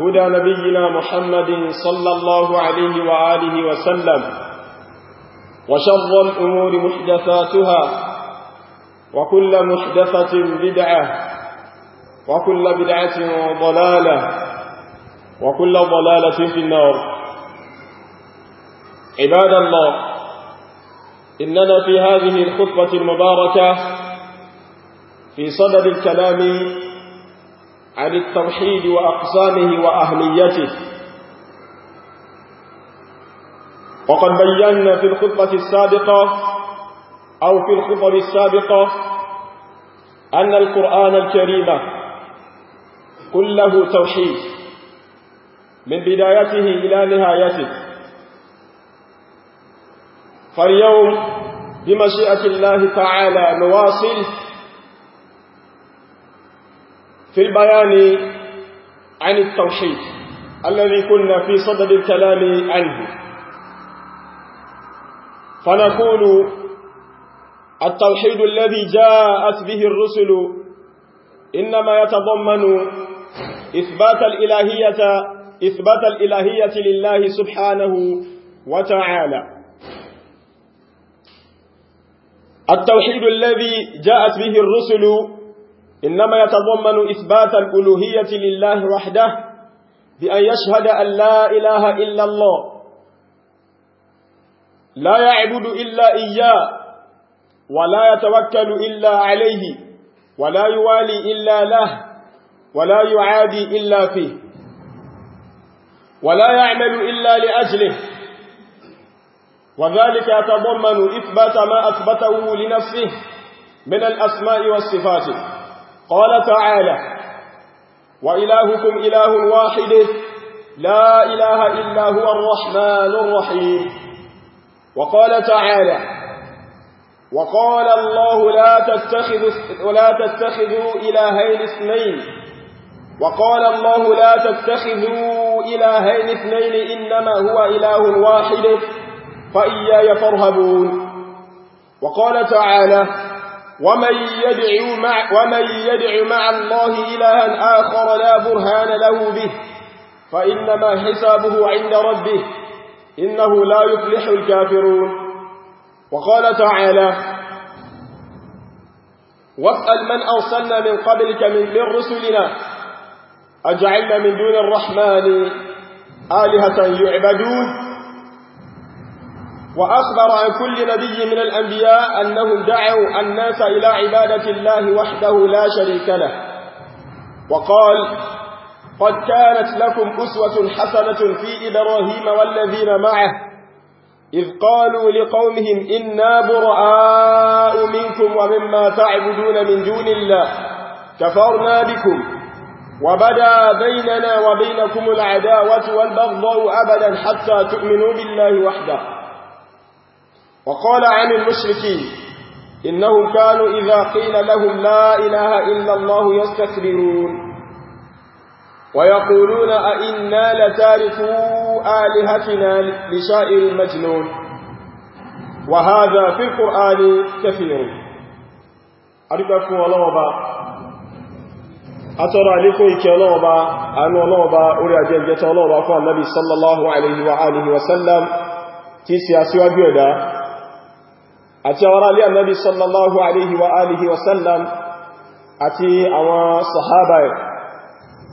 هدى نبينا محمد صلى الله عليه وآله وسلم وشر الأمور محدثاتها وكل محدثة بدعة وكل بدعة ضلالة وكل ضلالة في النار عباد الله إننا في هذه الخطبة المباركة في صدد الكلام عن التوحيد وأقسامه وأهميته وقد بينا في الخطبة السابقة أو في الخطب السابقة أن القرآن الكريم كله توحيد من بدايته إلى نهايته فاليوم بمشيئة الله تعالى نواصل في البيان عن التوحيد الذي كنا في صدد الكلام عنه فنقول التوحيد الذي جاءت به الرسل إنما يتضمن إثبات الإلهية إثبات الإلهية لله سبحانه وتعالى التوحيد الذي جاءت به الرسل إنما يتضمن إثبات الألوهية لله وحده بأن يشهد أن لا إله إلا الله لا يعبد إلا إياه ولا يتوكل إلا عليه ولا يوالي إلا له ولا يعادي إلا فيه ولا يعمل إلا لأجله وذلك يتضمن إثبات ما أثبته لنفسه من الأسماء والصفات قال تعالى وإلهكم إله واحد لا إله إلا هو الرحمن الرحيم وقال تعالى وقال الله لا تتخذوا ولا تتخذوا إلهين اثنين وقال الله لا تتخذوا إلهين اثنين إنما هو إله واحد فإياي فارهبون وقال تعالى ومن يدع مع, ومن يدع مع الله إلها آخر لا برهان له به فإنما حسابه عند ربه إنه لا يفلح الكافرون وقال تعالى واسأل من أرسلنا من قبلك من, من رسلنا أجعلنا من دون الرحمن آلهة يعبدون وأخبر عن كل نبي من الأنبياء أنهم دعوا الناس إلى عبادة الله وحده لا شريك له وقال قد كانت لكم أسوة حسنة في إبراهيم والذين معه إذ قالوا لقومهم إنا براء منكم ومما تعبدون من دون الله كفرنا بكم وبدا بيننا وبينكم العداوة والبغضاء أبدا حتى تؤمنوا بالله وحده وقال عن المشركين إنهم كانوا إذا قيل لهم لا إله إلا الله يستكبرون ويقولون أئنا لتاركوا آلهتنا لشائر المجنون وهذا في القرآن كثير أرقفوا الله وبا أترى لكم إكي الله وبا أن الله وبا أريد أن يتعلم وفا النبي صلى الله عليه وآله وسلم تيسي أسواق يداه àti àwọn alẹ́ annabi sallallahu alaihi wa alihi wasallam àti àwọn sahaba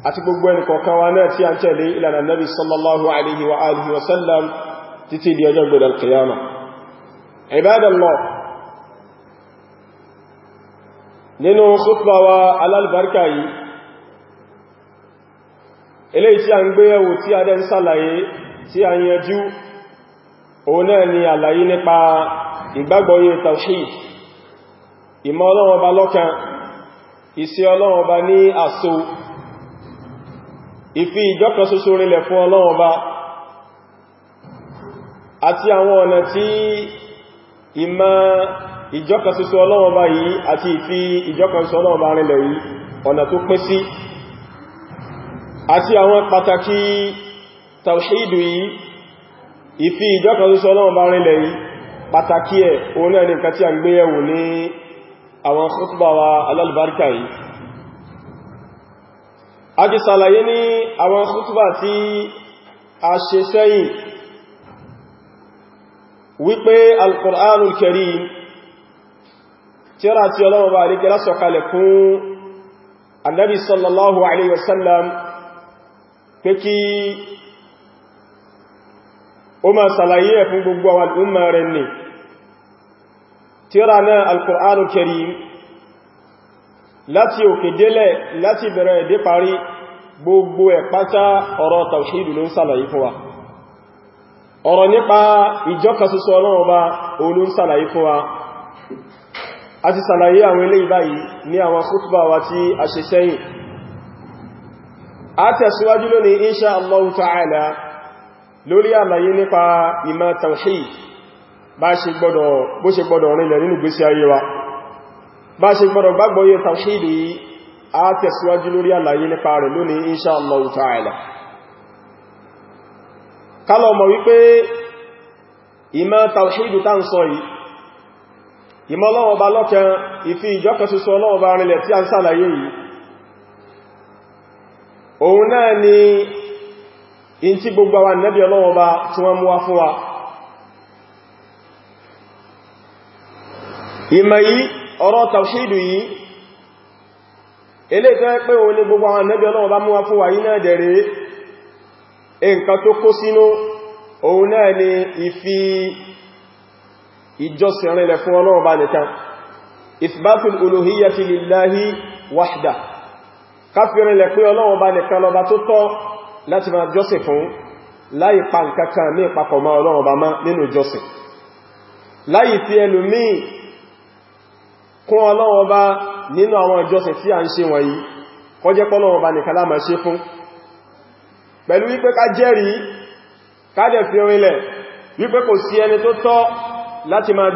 àti gbogbo ẹni kọ̀ọ̀kan wa náà tí a ń tẹ̀lé ìlànà annabi sallallahu alaihi wa alihi wasallam títí di ọjọ́ gbẹ̀dẹ̀ alkiyama ibadallah nínú khutba wa alálbarka yìí eléyìí tí a ìgbàgbọ́ yẹ tawhid ìmọ̀ Ọlọ́run Ọba lọ́kan ìsí Ọlọ́run Ọba ní àṣò ìfi ìjọ́kan ṣoṣo rinlẹ̀ fún Ọlọ́run Ọba àti àwọn ọ̀nà tí ìmọ̀ ìjọ́kan ṣoṣo Ọlọ́run Ọba yìí àti ìfi ìjọ́kan ṣoṣo Ọlọ́run Ọba rinlẹ̀ yìí ọ̀nà tó pín sí àti àwọn pàtàkì tawhidu yìí ìfi ìjọ́kan ṣoṣo Ọlọ́run Ọba rinlẹ̀ yìí pàtàkì ẹ̀ òun náà ni nǹkan tí a ń gbé yẹ̀wò ní àwọn khutbah wa alálùbáríkà yìí a ti sàlàyé ní àwọn khutbah tí a ṣe sẹ́yìn wípé alkùránul karim tíra tí ọlọ́wọ́ bá ríkẹ́ lásọ̀kalẹ̀ fún annabi sallallahu alaihi wasallam pé kí ó ma sàlàyé ẹ̀ fún gbogbo àwọn al'umma rẹ̀ ni tíra náà alkùránù karim láti òkè délẹ̀ láti bẹ̀rẹ̀ dé parí gbogbo ẹ̀ pátá ọ̀rọ̀ tàwṣídù ló ń sàlàyé fún wa ọ̀rọ̀ nípa ìjọkasúsọ ọlọ́run ọba olú ń sàlàyé fún wa a lórí àlàyé nípa ìmọ̀ tawhid bá ṣe gbọ́dọ̀ rìnlẹ̀ nínú gbésí ayé wa bá ṣe gbọ́dọ̀ gbàgbọ́yé tawhid yìí a tẹ̀síwájú lórí àlàyé nípa rẹ̀ lónìí insha Allah ta'ala kálọ̀ mọ̀ wípé ìmọ̀ tawhid sọ in ti gbogbo wa nẹ́bí ọlọ́wọ́ bá tí wọ́n mú wá fún wa ìmọ̀ yìí ọ̀rọ̀ tàwṣídù yìí ilé ìtọ́ pé o ní gbogbo wa nẹ́bí ọlọ́wọ́ bá mú wá fún wa yìí náà dẹ̀rẹ̀ nǹkan tó kó sínú òun náà ni ìfi ìjọsìn rẹ̀ fún ọlọ́wọ́ bá nìkan láti máa jọ́sìn fún láì pa nǹkankan ní ìpapọ̀ ma ọlọ́run ọba má nínú jọ́sìn láì fi ẹlòmíì kún ọlọ́run ọba nínú àwọn ìjọsìn tí a ń ṣe wọ̀nyí kọjẹ́ pọ́lọ́run ọba nìkan la máa ṣe fún pẹ̀lú wípé ká jẹ́rìí ká dẹ̀ fi orílẹ̀ wípé kò sí ẹni tó tọ́ láti máa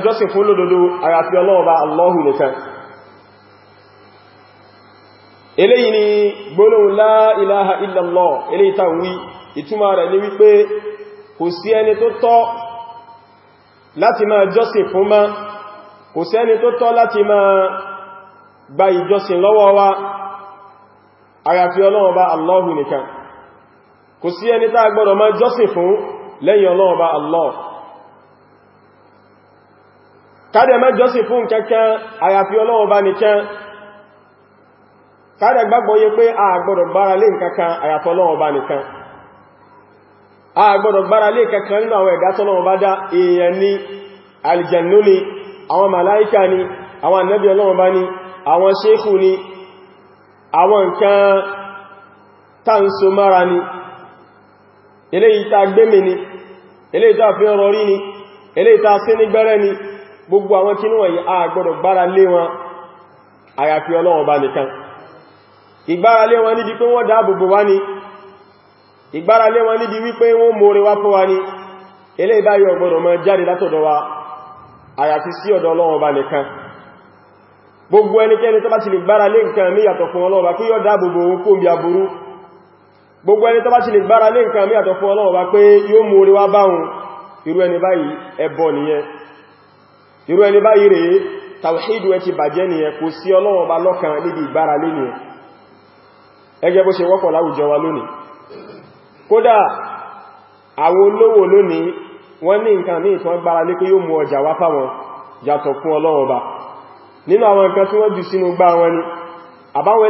nìkan eléyìí ni gbólóhùn la ilaha illallah eléyìí ta wí ìtumọ̀ rẹ̀ ní wípé kò sí ẹni tó tọ́ láti máa jọ́sìn fún má kò sí ẹni tó tọ́ láti gba ìjọsìn lọ́wọ́ wa àyàfi Ọlọ́run Allah káàdà gbàgbọ́ yé pé a gbọ́dọ̀ gbára lé nǹkankan àyàtọ̀ Ọlọ́run Ọba nìkan a gbọ́dọ̀ gbára lé kankan nínú àwọn ẹ̀dá t'Ọlọ́run bá dá èèyàn ni alìjẹ̀nú ni àwọn màláíkà ni àwọn ànábì Ọlọ́run bá ni àwọn ṣéèkù ni àwọn nǹkan tánso mára ni eléyìí tá gbémè ni ni ìgbáralé wọn níbi pé wọ́n dáàbòbò wá ní ìgbáralé wọn níbi wípé wọ́n mọ́re wá fún wa ní ilé ìbáyọ̀ ọgbọ̀nà mọ́ jáde látọ̀dọ̀ wa àyàfi sí ọ̀dọ̀ Ọlọ́run Ọba nìkan gbogbo ẹnikẹ́ni tó bá ti lè gbáralé nǹkan mí yàtọ̀ fún Ọlọ́run Ọba pé yóò dáàbòbò òun kó bí aburú gbogbo ẹni tó bá ti lè gbáralé nǹkan mí báyìí rèé tàwíìdù ẹ ti bàjẹ́ nìyẹn kò sí Ọlọ́run Ọba lọ́kàn níbi ìgbáralé nìyẹn ẹgẹ́ bó ṣe wọ́pọ̀ láwùjọ wa lónìí kódà àwọn olówó lónìí wọ́n ní nǹkan ní ìtàn gbára ní pé yóò mú ọjà wá fáwọn yàtọ̀ fún nínú àwọn nǹkan tí wọ́n jù sínú gbá wọn ni àbáwọn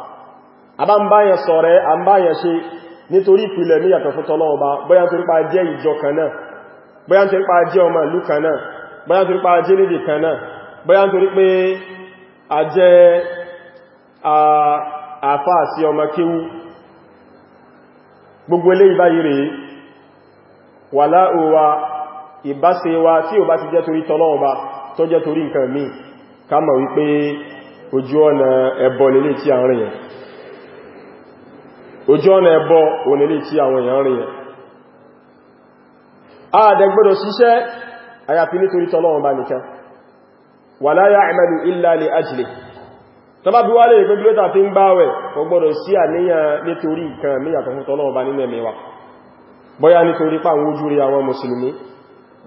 àbá ń báyàn sọ̀rẹ́ à ń báyàn ṣe nítorí ìpìlẹ̀ ní yàtọ̀ fún tọ́lọ́wọ́ bá bóyá torí pa jẹ́ ìjọ kan náà bóyá torí pa jẹ́ ọmọ ìlú kan náà bóyá torí pa jẹ́ lédè kan náà bóyá torí pé a jẹ́ àfáà sí ọmọ kéwú gbogbo eléyìí báyìí rèé wàlá òwa tí ò bá ti jẹ́ torí tọ́lọ́wọ́ tó jẹ́ torí nǹkan míì ká mọ̀ wípé ojú ọ̀nà ẹbọ lélé tí a ń rìn yẹn ojú ọ̀nà ẹbọ onílé tí àwọn èèyàn rìn yẹn ààdẹ̀gbọ́dọ̀ ṣiṣẹ́ àyàfi nítorí tọ́lọ́run bá nìkan wala ya'malu illa li ajli tọ́bá bí fi ń gbáwẹ̀ kò gbọ́dọ̀ sí àníyàn nítorí nǹkan míyàtọ̀ fún tọ́lọ́run bá nínú ẹ̀mẹ́wà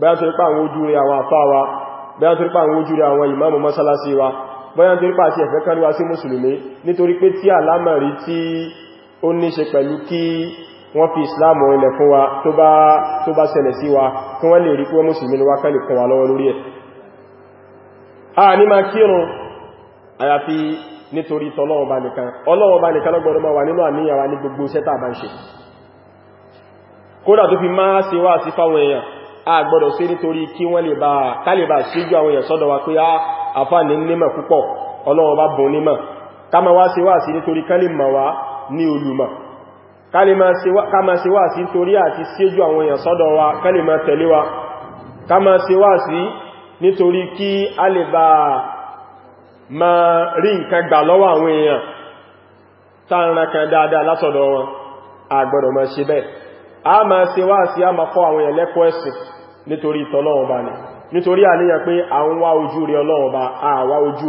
pa àwọn pa pa wa pa ó ní ṣe pẹ̀lú kí wọ́n fi islam ilẹ̀ fún wa tó bá ṣẹlẹ̀ sí wa kí wọ́n lè rí pé mùsùlùmí ni wá kẹ́lẹ̀ kan wà lọ́wọ́ lórí ẹ̀ a ní máa kírun àyàfi nítorí tọ́lọ́wọ́ bá nìkan ọlọ́wọ́ bá wá sí a gbọ́dọ̀ ṣe nítorí kí wọ́n lè bá kálẹ̀bà síjú àwọn èèyàn sọ́dọ̀ wa pé a àfáà ní nímọ̀ púpọ̀ ọlọ́wọ́ bá bùn nímọ̀ ká máa wá ṣe sí nítorí kálẹ̀ wá ní olùmọ̀ kama se wá sí nítorí àti séjú àwọn èèyàn sọ́dọ̀ wa ká lè tẹ̀lé wa ma wá sí nítorí kí a lè bá ma rí nǹkan gbà lọ́wọ́ àwọn èèyàn dáadáa látọ̀dọ̀ wọn a ma ṣe bẹ́ẹ̀ ma nítorí àníyàn pé àwọn wá ojú rí ọlọ́wọ́ bá àwá ojú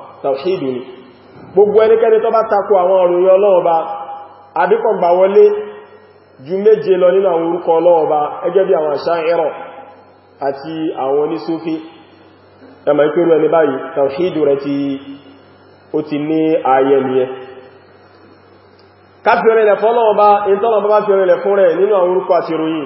tàwíìdù ni gbogbo ẹnikẹ́ni tó bá takò àwọn ọ̀rùn ọlọ́ọ̀ba àbíkọ̀gbà wọlé ju méje lọ nínú àwọn orúkọ ọlọ́ọ̀ba ẹgẹ́ bí àwọn Asha'ira àti àwọn onísúfí ẹmà ìpérò ẹni báyìí tàwíìdù rẹ̀ ti ó ti ní ààyẹ nìyẹn ká fi orílẹ̀ fọ́lọ́ọ̀ba ìntọ́lọ̀ bá fi orílẹ̀ fún rẹ̀ nínú àwọn orúkọ àti ìròyìn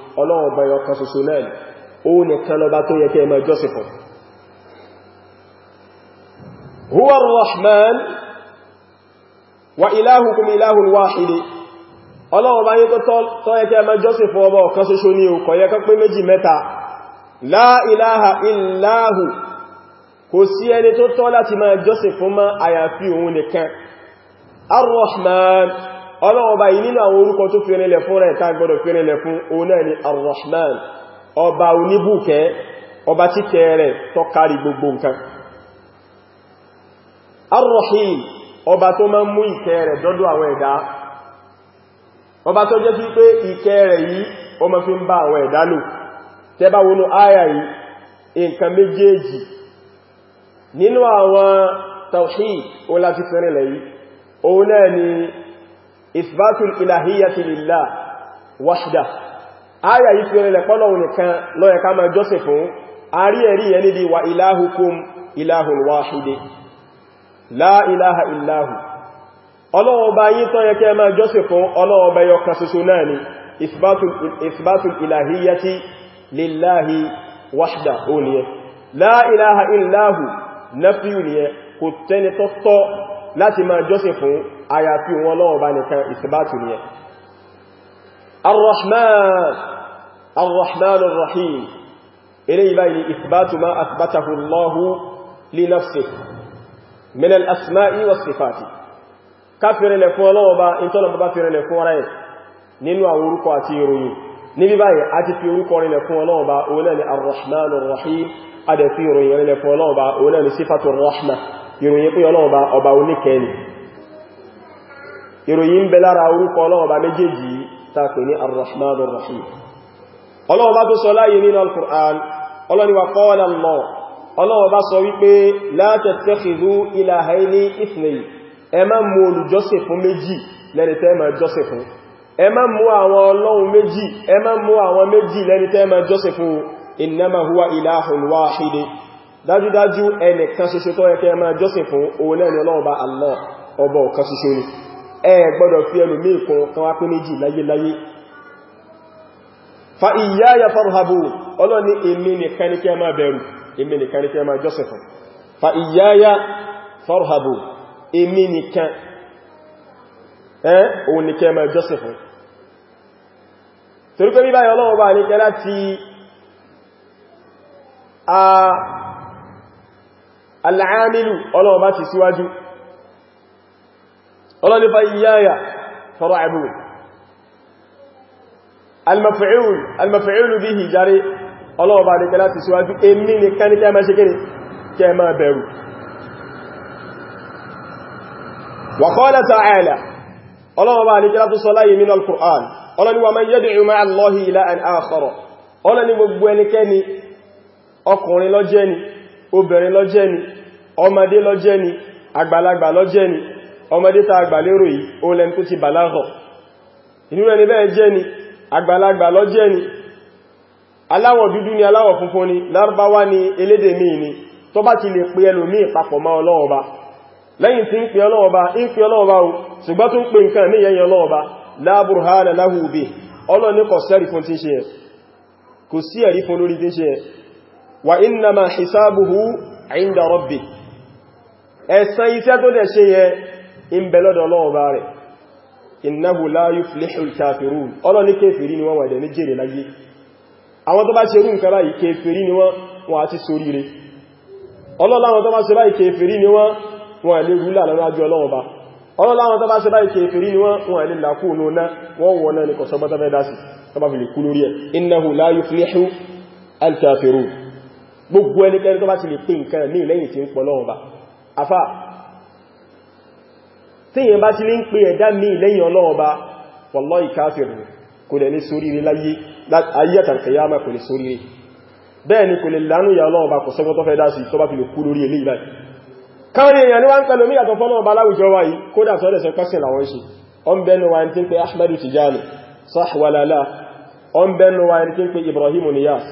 ọlọ́run ọba ọ̀kan ṣoṣo náà ó nìkan lọba tó yẹ kí ẹ máa jọ́sìn fún huwa rahman wa ilahukum ilahun wahidi ọlọ́run bá yẹ tó yẹ kí ẹ máa jọ́sìn fún ọba ọ̀kan ṣoṣo ní o kò yẹ kó pé méjì mẹ́ta la ọlọ́wọ́ bá yìí nínú àwọn orúkọ tó fi rẹ̀lẹ̀ fún rẹ̀ tá gbọ́dọ̀ fi rẹ̀lẹ̀ fún òun náà ni Ar-Rahman ọba oníbùkẹ́ ọba tí kẹ́ rẹ̀ tó kárí gbogbo nǹkan Ar-Rahim ọba tó máa mú ìkẹ́ rẹ̀ dọ́dọ̀ àwọn ẹ̀dá ọba tó jẹ́ sí ó náà ni ìfàtún ìlàhíyàtì lìlá wáṣídà ayà yìí fi rẹ̀ pọ́lọ̀wù nìkan lọ́yẹ ká máa jọ́sìn fún àrí ẹ̀rí ẹni di wa ìláhùkún ìláhùn wáṣídé láìláha ìláhù ọlọ́ọba yìí tọ́ yẹ kẹ́ máa jọ́sìn fún ọlọ́ọba yọ kan ṣoṣo náà ni ìfàtún ìlàhíyàtì láti máa jọ́sìn fún àyàfi wọn lọ́wọ́ bá nìkan ìsìbátù ni ẹ̀ ar-rahman ar-rahman ar-rahim ilé ibá ilé ìsìbátù ma asbatahu allahu li nafsihi min al-asma'i wa ká fẹ́rẹ̀lẹ̀ fún ọlọ́wọ́ bá ìtọ́lọ̀ bá fẹ́rẹ̀lẹ̀ fún ọlọ́wọ́ bá ìròyìn pé ọlọ́ọ̀bá ọba oníkẹni ìròyìn ń bẹ lára orúkọ ọlọ́ọ̀bá méjèèjì tàpẹ̀ ní arrahmanur rahim ọlọ́ọ̀bá tó sọ láyé nínú al-Qur'an ọlọ́ni wa qala Allah ọlọ́ọ̀bá sọ wípé la tattakhidhu ilahayni ithnayn ẹ má mú olùjọ́sìn fún méjì lẹ́ni tẹ́ máa jọ́sìn fún ẹ má mú àwọn ọlọ́run méjì ẹ má mú àwọn méjì lẹ́ni tẹ́ máa jọ́sìn fún innama huwa ilahun wahid dájúdájú ẹnìkan ṣoṣo tó yẹ kẹ́ jọ́sìn fún òun ni ọlọ́ọ̀bá Allah ọba ọ̀kan ṣoṣo ni ẹ gbọ́dọ̀ fi ẹnu mí kan kan wá pé méjì fa iyaya farhabun ọlọ́ni èmi nìkan ní kẹ́ máa bẹ̀rù fa iyaya al'amilu ọlọ́wọ́ bá ti síwájú ọlọ́nifa iyáyà fọ́rọ̀ àbúrú almafi'ilu bí i jari ọlọ́wọ́ bá nìkan láti síwájú èmì nìkan ní kẹ́mà ṣe kíni kẹ́mà bẹ̀rù wa qala ta'ala ọlọ́wọ́ bá nìkan láti sọ láyé nínú al-Qur'an ọlọ́niwa man yad'u ma'a ni obìnrin lọ́jẹ́ ni ọmọdé lọ́jẹ́ ni àgbàlagbà lọ́jẹ́ ni ọmọdé ta àgbàlérò yìí ó lẹ́n tó ti bàlágọ̀ inú rẹ̀ ni bẹ́ẹ̀ jẹ́ ni àgbàlagbà lọ́jẹ́ ni aláwọ̀ dúdú ni aláwọ̀ funfun ni lárúbáwá ni elédè míì ni tó bá ti lè pe ẹlòmíì papọ̀ mọ́ ọlọ́ọba lẹ́yìn tí ń pe ọlọ́ọba ń pe ọlọ́ọba o ṣùgbọ́n tó ń pe nǹkan ní yẹn ọlọ́ọba la burhana sẹ́rì fún ṣe kò wà innama hisabuhu inda rabbi ẹ̀san iṣẹ́ tó dẹ̀ ṣe yẹ in bẹ̀lọ́dọ̀ lọ́ọ̀bá rẹ̀ innahu la yuflihul kafirun ọlọ́ ní kéfèrí ni wọ́n wà dẹ̀ ní jèrè láyé àwọn tó bá ṣe rú nǹkan báyìí kéfèrí ni wọ́n wọ́n àti soríire ọlọ́láwọn gbogbo ẹnikẹ́ni tó bá ti lè pè nǹkan ní lẹ́yìn tí ń pọ̀ lọ́wọ́ bá afá tíyàn bá ti lè ń pè ẹ̀dá ní lẹ́yìn ọlọ́wọ́ bá wallahi káfírù kò lè ní sóríire láyé àtàkìyàmà kò lè sóríire bẹ́ẹ̀ ni kò lè lánú ìyà ọlọ́wọ́ bá kò sọ́gbọ́n tó fẹ́ dá sí tó bá fi lè kú lórí ilé ìbáyìí káwọn Ibrahimu Niyas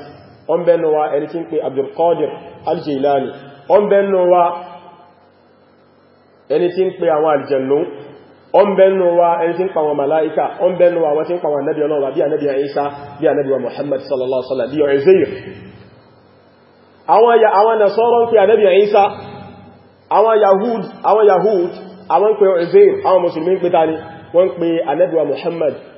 ọm bẹnu wa ẹni tí ń pè Abdulkadir al-Jilani ọm bẹnu wa ẹni tí ń pè àwọn aljannu ọm bẹnu wa ẹni tí ń pàwọn mala'ika ọm bẹnu wa wọ́n tí ń pàwọn annabi ọlọ́wà bí Isa bí annabi Muhammad sallallahu alaihi wasallam bí Uzair ya àwọn nasọ́rọ̀ ń pè ànábì Ìsá àwọn yahud àwọn yahud àwọn ń pè Uzair àwọn musulmi ń tani wọ́n ń pè Muhammad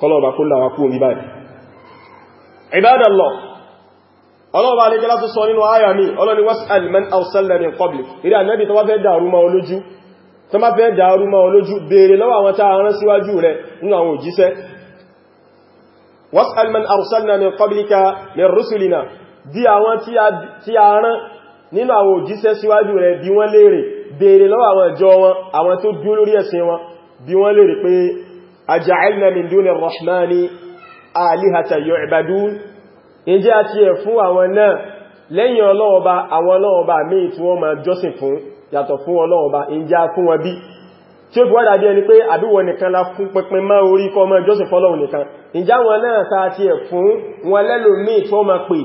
kọlọ̀ọ̀bá kó láwá kú omi báyìí ibadallah ọlọ́ọ̀bá alẹ́ gẹ́lá tó sọ nínú àyà mi ọlọ́ni was'al man arsalna min qablik ìrẹ́ ànẹ́bì tó bá fẹ́ dàrú ma olójú tó bá fẹ́ dàrú ma olójú béèrè lọ́wọ́ àwọn tá rán síwájú rẹ̀ nínú àwọn òjíṣẹ́ was'al man arsalna min qablika min rusulina bí àwọn tí a rán nínú àwọn tó dúró lórí ẹ̀sìn wọn bí wọ́n léèrè pé أجعلنا من دون الرحمن آلهة يعبدون ǹjẹ́ a ti ẹ̀ fún àwọn náà lẹ́yìn ọlọ́ọba àwọn ọlọ́ọba míì tí wọ́n máa jọ́sìn fún yàtọ̀ fún ọlọ́ọba ǹjẹ́ a fún wọn bí tí ó fi wádà bí ẹni pé àbíwọ̀ nìkan la fún pínpín má orí kọ́ máa jọ́sìn fọ́lọ́hun nìkan ǹjẹ́ àwọn náà ta ti ẹ̀ fún wọn lẹ́lò míì tí wọ́n máa pè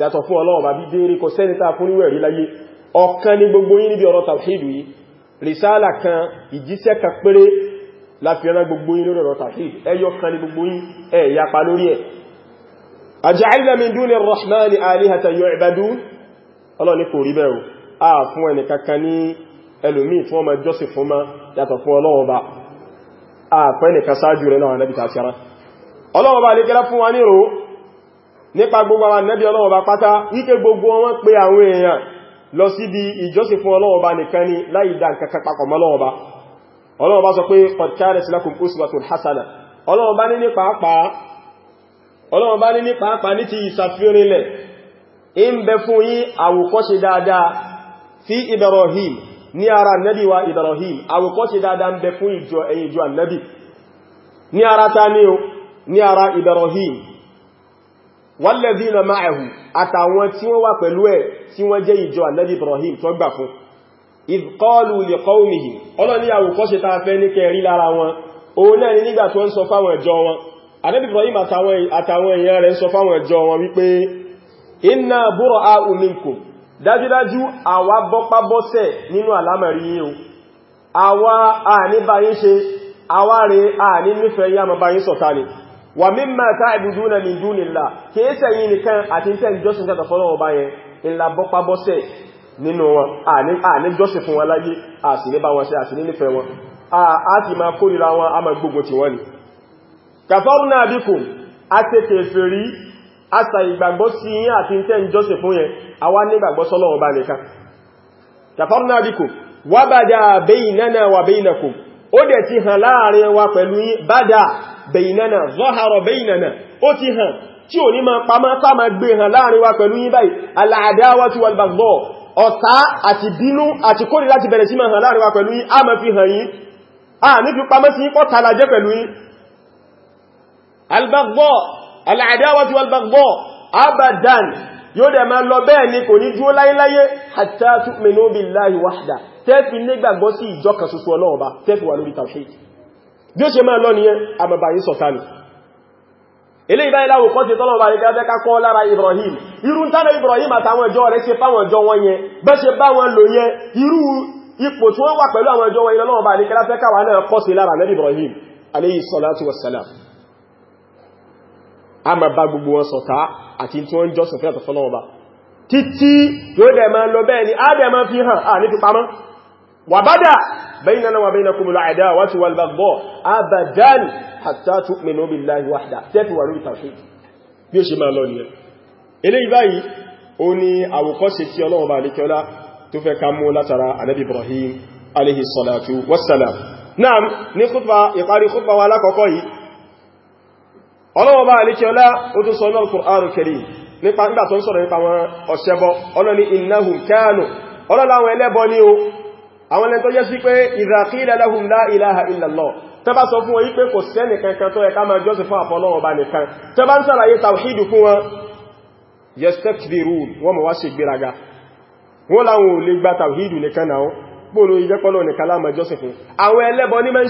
yàtọ̀ fún ọlọ́ọba bí dérí kò sẹ́ni tá fún níwẹ̀rí láyé ọ̀kan ni gbogbo yín níbi ọ̀rọ̀ tàwhídù yìí rìsálà kan ìjíṣẹ́ kan péré láfi ẹran gbogbo yín lórí ọ̀rọ̀ tàfí ẹyọ kan ní gbogbo yín ẹ yapa lórí ẹ̀ aj'alna min duni rahmani alihatan yu'badun ọlọ́run ní kò rí bẹ́ẹ̀ o a fún ẹni kankan ní ẹlòmí tí wọ́n ma jọ́sìn fún ma yàtọ̀ fún ọlọ́run ba a fún ẹni kan sáájú rẹ̀ náà nẹ́bí tàṣíra ọlọ́run ba lè gẹ́lẹ́ fún wa níro nípa gbogbo àwọn nẹ́bí ọlọ́run pátá wíké gbogbo wọn pé àwọn èèyàn lọ síbi ìjọ́sìn fún ọlọ́run nìkan ni láì nǹkan kan papọ̀ mọ́ ọlọ́run bá sọ pé kọ̀tíkárẹ̀ sílákùn uswatun hasana ọlọ́run bá ní ní pàápàá ní ti ìsàfihànilẹ̀ in bẹ fún yí àwòkọ́ṣe dáadáa fi Ibrahim ní ara nabi wa Ibrahim àwòkọ́ṣe dáadáa ń bẹ fún ìjọ ẹ̀yìn ìjọ annabi ní ara taniyo ní ara Ibrahim wallazina ma'ahu ìkọlù lìkọ́ùmìhì ọlọ́ni àwòkọ́ṣe ta fẹ́ ní kẹrí lára wọn òun náà ni nígbà tó ń sọ fáwọn ẹjọ́ wọn Ànábì Ibrahim àtàwọn èèyàn rẹ̀ ń sọ fáwọn ẹjọ́ wọn wípé inna bura'u minkum dájúdájú àwa bọ́pá bọ́sẹ̀ nínú àlámẹ̀rí yín àwa àní báyín ṣe àwa rẹ̀ àní nífẹ̀ẹ́ yá mọ́ báyín sọ̀tá ni wà mimma ta'buduna min dunillah kìí sẹ́yìn nínú wọn àní jọ́sìn fún wọn láyé àsì ní bá wọn ṣe àsì ní nífẹ̀ẹ́ wọn a ti ma kórìíra wọn a ma gbógun ti wọ́n ni kàfọ́rún náà bí kò a tètè fèrí àṣà ìgbàgbọ́ sí yí àti tẹ́ ń jọ́sìn fún yẹn a wá ní ìgbàgbọ́ sọ́lọ́wọ́ bá nìkan kàfọ́rún náà bí kò wà bàdà bẹ́yìnánà wà bẹ́yìnàkò ó dẹ̀ ti hàn láàrin wa pẹ̀lú yí ma pamọ́ sáàmà gbé hàn láàrin wa pẹ̀lú yí báyìí ọ̀tá àti bínú àti kórì láti bẹ̀rẹ̀ sí máa hàn láàrin wa pẹ̀lú yín a máa fi hàn yín a ní fi pamọ́ sí pọ́ta lájẹ́ pẹ̀lú yín albagbo al'adáwàtí albagbo abadan yóò dẹ̀ máa lọ bẹ́ẹ̀ ni kò ní dúó láyéláyé hatta tu'minu billahi wahda tẹ́fì nígbàgbọ́ sí ìjọ kan ilé ìbá ìlàwò kọ́ ti tọ́lọ̀bà ní gájẹ́ ká kọ́ lára Ibrahim irú tánà Ibrahim àtàwọn ìjọ rẹ̀ ṣe fáwọn ìjọ wọn yẹn bẹ́ ṣe bá wọn lò yẹn irú ipò tí wọ́n wà pẹ̀lú àwọn ìjọ wọn ìlọ́lọ́ọ̀bà ní gájẹ́ káwà náà kọ́ sí lára Nabi Ibrahim alayhi salatu wassalam a ma bá gbogbo wọn sọ̀tá àti tí wọ́n jọ́sìn fẹ́ àtọ̀fọ́lọ́ọ̀bà títí yóò dẹ̀ ma lọ bẹ́ẹ̀ ni ní hatta tu'minu billahi wahda tẹ́fì wà lórí tawhid bí ó ṣe máa lọ nìyẹn eléyìí báyìí ó ní àwòkọ́ṣe tí ọlọ́run bá alékiọlá tó fẹ́ ká mú látara anabi ibrahim alayhi salatu wassalam náà ní khutba ìparí khutba wa alákọ̀ọ́kọ́ yìí ọlọ́run bá alékiọlá ó tún àwọn lẹ́ntọ́ jẹ́ sí pé ìzàkílẹ̀ lahum la ilaha illallah tẹ́ bá sọ fún wọn yí pé kò sẹ́nì kankan tó ẹka máa jọ́sìn fún àfọlọ́wọ́ bá nìkan tẹ́ bá ń sàlàyé tàwíìdù fún wọn yastakbirun wọ́n mọ̀ wá sí gbéraga wọ́n láwọn ò lè gba tàwíìdù nìkan náà gbóòrò ìjẹ́pọ̀lọ̀ nìkan láàmà jọ́sìn fún àwọn ẹlẹ́bọ ní máa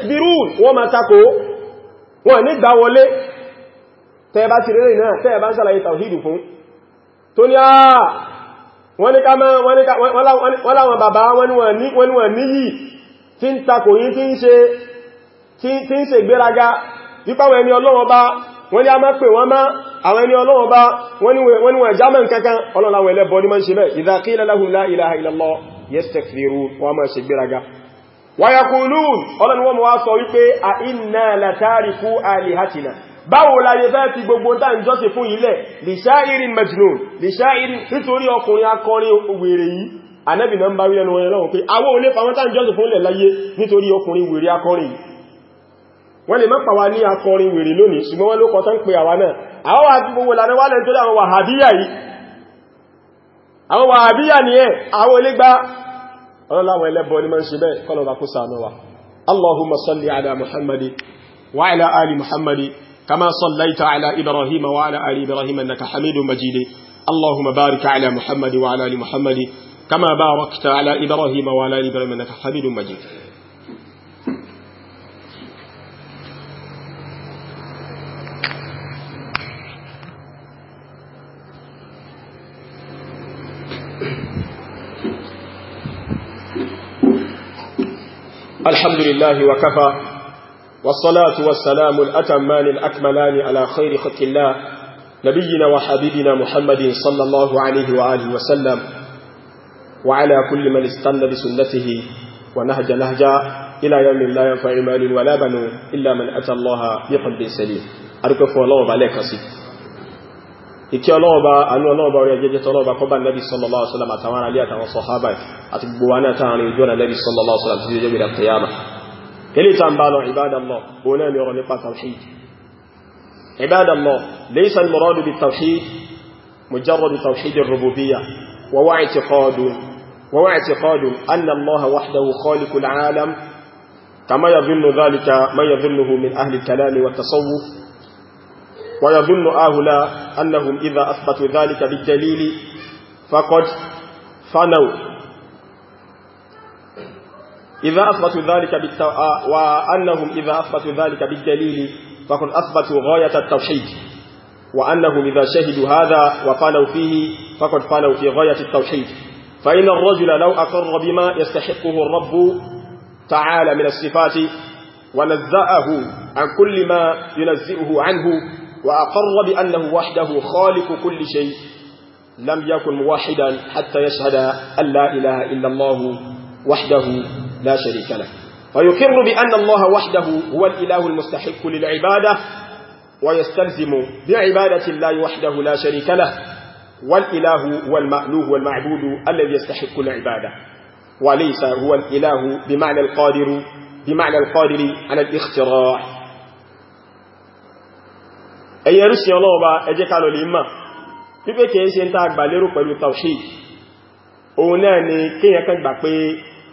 ń wọ́n máa takò wọlé tẹ́ẹ̀bá ti rẹ̀ náà tẹ́ẹ̀bá ń sàlàyé tàwíìdù fún tó ní àà ah, wọ́n ní ká mọ́ wọ́n láwọn bàbá wọ́n wọ́n níyì tí ń takò yí tí ń ṣe gbéraga wípáwọn ẹni ọlọ́wọ́ bá wọ́n gbéraga wa yaqulun wọ́n mọ́ wá sọ wípé a inna la tariku alihatina báwo la yẹ fẹ́ fi gbogbo tá ń jọ́sìn fún ilẹ̀ lè ṣáìrin majnun lè ṣáìrin nítorí ọkùnrin akọrin wèrè yìí anẹ́bìnà ń bá rí ẹnu ọ̀rẹ́ lọ́wọ́ pé awó olé fàwọn tá ń jọ́sìn fún ilẹ̀ láyé nítorí ọkùnrin wèrè akọrin wọ́n lè lónìí ṣùgbọ́n wọ́n ló tán pé náà ni wa wa ala ali muhammadi كما صليت على إبراهيم وعلى آل إبراهيم أنك حميد مجيد اللهم بارك على محمد وعلى آل محمد كما باركت على إبراهيم وعلى آل إبراهيم أنك حميد مجيد الحمد لله وكفى والصلاة والسلام الأتمان الأكملان على خير خلق الله نبينا وحبيبنا محمد صلى الله عليه وآله وسلم وعلى كل من استنى بسنته ونهج نهجا إلى يوم لا ينفع مال ولا بنون إلا من أتى الله بقلب سليم أركف الله عليك سيد ìkí ọlọ́ọ̀bá anú ọlọ́ọ̀bá orí ẹjẹ́jẹ́ tọ́lọ́ọ̀bá kọ́bá nẹ́bí sallallahu alaihi wasallam àtàwọn alẹ́ àtàwọn sọ̀hábà àti gbogbo wa náà tààrin ìjọ́nà nẹ́bí sallallahu alaihi wasallam tí ó إلي تنبالوا عباد الله هنا يرى نقا توحيد عباد الله ليس المراد بالتوحيد مجرد توحيد الربوبية وهو اعتقاد وهو اعتقاد أن الله وحده خالق العالم كما يظن ذلك ما يظنه من أهل الكلام والتصوف ويظن أهلا أنهم إذا أثبتوا ذلك بالدليل فقد فنوا إذا أثبتوا ذلك بالت... آه، وأنهم إذا أثبتوا ذلك بالدليل فقد أثبتوا غاية التوحيد وأنهم إذا شهدوا هذا وقالوا فيه فقد قالوا في غاية التوحيد فإن الرجل لو أقر بما يستحقه الرب تعالى من الصفات ونزأه عن كل ما ينزئه عنه وأقر بأنه وحده خالق كل شيء لم يكن موحدا حتى يشهد أن لا إله إلا الله وحده لا شريك له ويقر بأن الله وحده هو الإله المستحق للعبادة ويستلزم بعبادة الله وحده لا شريك له والإله هو المألوه والمعبود الذي يستحق العبادة وليس هو الإله بمعنى القادر بمعنى القادر على الاختراع أي رسي الله با kalọ̀ lè máa pípẹ́ kìí ṣe ń tàà gbà lérò pẹ̀lú tàwṣí òun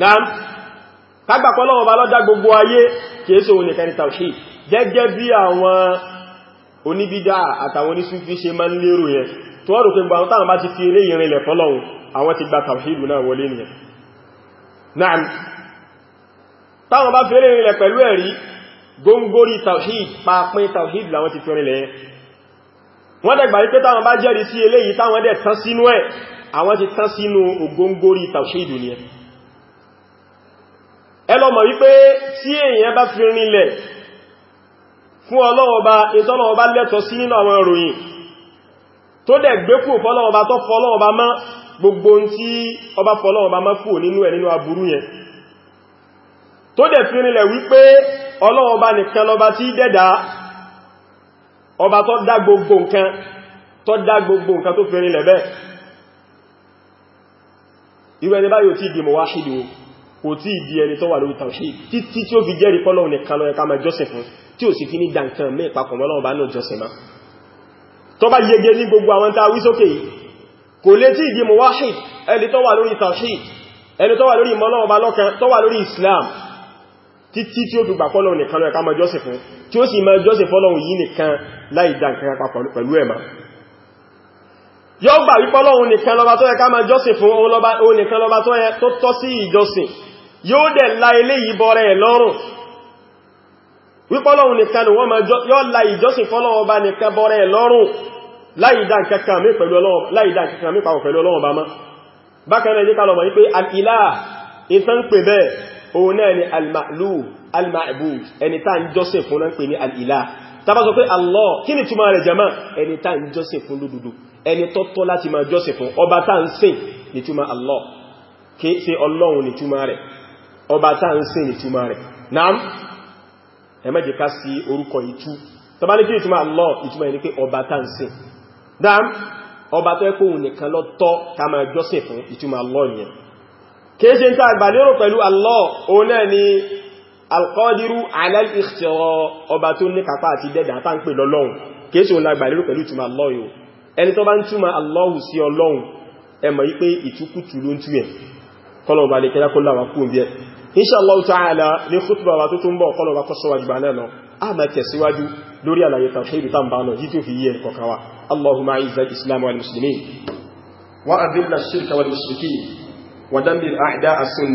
náà kágbàpọ̀ lọ́wọ́ bá lọ́dá gbogbo ayé kìí ṣe òun nìkan ni tawhid gẹ́gẹ́ bí àwọn oníbídá àtàwọn onísúfí ṣe máa ń lérò yẹn tó ọ̀rọ̀ pé gbogbo àwọn táwọn bá ti fi eré ìrìn ilẹ̀ fọ́lọ́hun àwọn ti gba tawhid náà wọlé nìyẹn náà táwọn bá fi eré ìrìn ilẹ̀ pẹ̀lú ẹ̀rí góngórí tawhid pàápín tawhid làwọn ti fi orin lẹ́yẹn wọ́n dẹ̀gbà wípé táwọn bá jẹ́rìí sí eléyìí táwọn dẹ̀ tán sínú ẹ̀ àwọn ti tán sínú ògóngórí tawhid nìyẹn ẹlọ́mọ̀ wípé tí èèyàn bá fi rinlẹ̀ fún ọlọ́ọba ìtọ́lọ́ọba lẹ́tọ̀ sí nínú àwọn ìròyìn tó dẹ̀ gbékù fọ́lọ́ọba tó fọ́lọ́ọba mọ́ gbogbo tí ọba fọ́lọ́ọba mọ́ kù nínú ẹ̀ nínú aburú yẹn tó dẹ̀ fi rinlẹ̀ wípé ọlọ́ọba nìkan lọba tí dẹ́dà ọba tó dá gbogbo nǹkan tó dá gbogbo nǹkan tó fi rinlẹ̀ bẹ́ẹ̀ irú ẹni báyìí ò tí ìdìmọ̀ wáṣìdì kò tí ì di ẹni tó wà lórí tàwíṣí títí tí ó fi jẹ́rìí pọ́lọ́run nìkan ló yẹ ká máa jọ́sìn fún tí ò sì fi ní dankan mẹ́ ìpapọ̀ mọ́lọ́run bá náà jọ́sìn má tó bá yege ní gbogbo àwọn tá a wí sókè kò lè tí ì di muwahid ẹni tó wà lórí tàwíṣí ẹni tó wà lórí mọ́lọ́run bá lọ́kan tó wà lórí Islam títí tí ó fi gbà pọ́lọ́run nìkan ló yẹ ká máa jọ́sìn fún tí ó sì máa jọ́sìn fọ́lọ́run yìí nìkan láì dankan papọ̀ pẹ̀lú ẹ̀mà yọ́ gbà wípọ́lọ́run nìkan lọba tó yẹ ká máa jọ́sìn fún òun nìkan lọba tó yẹ tó tọ́ sí ìjọsìn yóò dẹ̀ la ilé ìbọrẹ̀ lọ́rùn wípọ́lọ́run nìkan ni wọ́n ma yọ́ la ìjọsìn fọ́lọ́wọ́ bá nìkan bọrẹ̀ lọ́rùn láìdá kankan mí pẹ̀lú Ọlọ́run bá má bákan náà jẹ́ ká lọ mọ̀ wípé al-ilah ìtàn pè bẹ́ẹ̀ òun náà ni al-ma'lūh al-ma'būd ẹni tá ń jọ́sìn al-ilah tá bá sọ pé Allah kí ni túmọ̀ rẹ̀ jẹ́mọ́ ẹni tá ń jọ́sìn fún lódodo ẹni tọ́tọ́ láti máa jọ́sìn fún ọba tá ń sìn ni túmọ̀ Allah kìí ṣe Ọlọ́run ni túmọ̀ rẹ̀ ọba tá ń sin ìtumọ̀ rẹ̀ náà ẹmẹ́jẹ̀ ká sí orúkọ ìtú tọba ní kí ìtumọ̀ Allah ìtumọ̀ ní pé ọba tá ń sin dáa ọba tó ẹkùn nìkan ló tọ́ ká máa jọ́sìn fún ìtumọ̀ Allah nìyẹn kéèṣe ń ta àgbàlérò Allah òun ni alkọ́dírú alẹ́lẹ́kìtìrọ ọba tó ní kápá àti dẹ́dà tá ń pè lọ́lọ́run kéèṣe òun Allah yìí ẹni tó bá ń túmọ̀ Allah sí ọlọ́run ẹmọ̀ yí pé ìtúkùtù ló ń tú ẹ̀ kọ́lọ̀ ọba lè kẹ́lá kó láwà kú ń bí ẹ̀ insha Allah ta'ala ní khutba wa tó tún bọ̀ kọ́lọ̀ wa kọ́sọ́ wa jùbà náà lọ a máa tẹ̀síwájú lórí àlàyé tàbí tàn bá lọ jí tó fi yí ẹ̀kọ́ Allahumma